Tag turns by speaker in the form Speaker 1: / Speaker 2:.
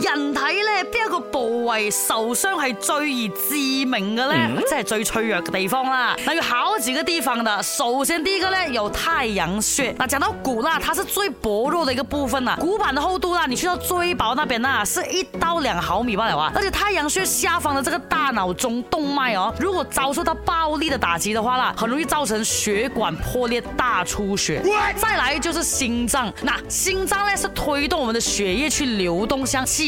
Speaker 1: 人體呢，邊一個部位受傷係最易致命嘅呢？即係最脆弱嘅地方啦。嗱，有好幾個地方嘅。首先第一個呢，有太陽穴，啊，講到骨啦，它是最薄弱嘅一個部分啦，骨板的厚度啦，你去到最薄那邊啦，係一到兩毫米吧，係啊，而且太陽穴下方的這個大腦中動脈哦，如果遭受到暴力的打擊的話啦，很容易造成血管破裂大出血。喂再來就是心臟，那心臟呢，是推動我們的血液去流動香，向氣。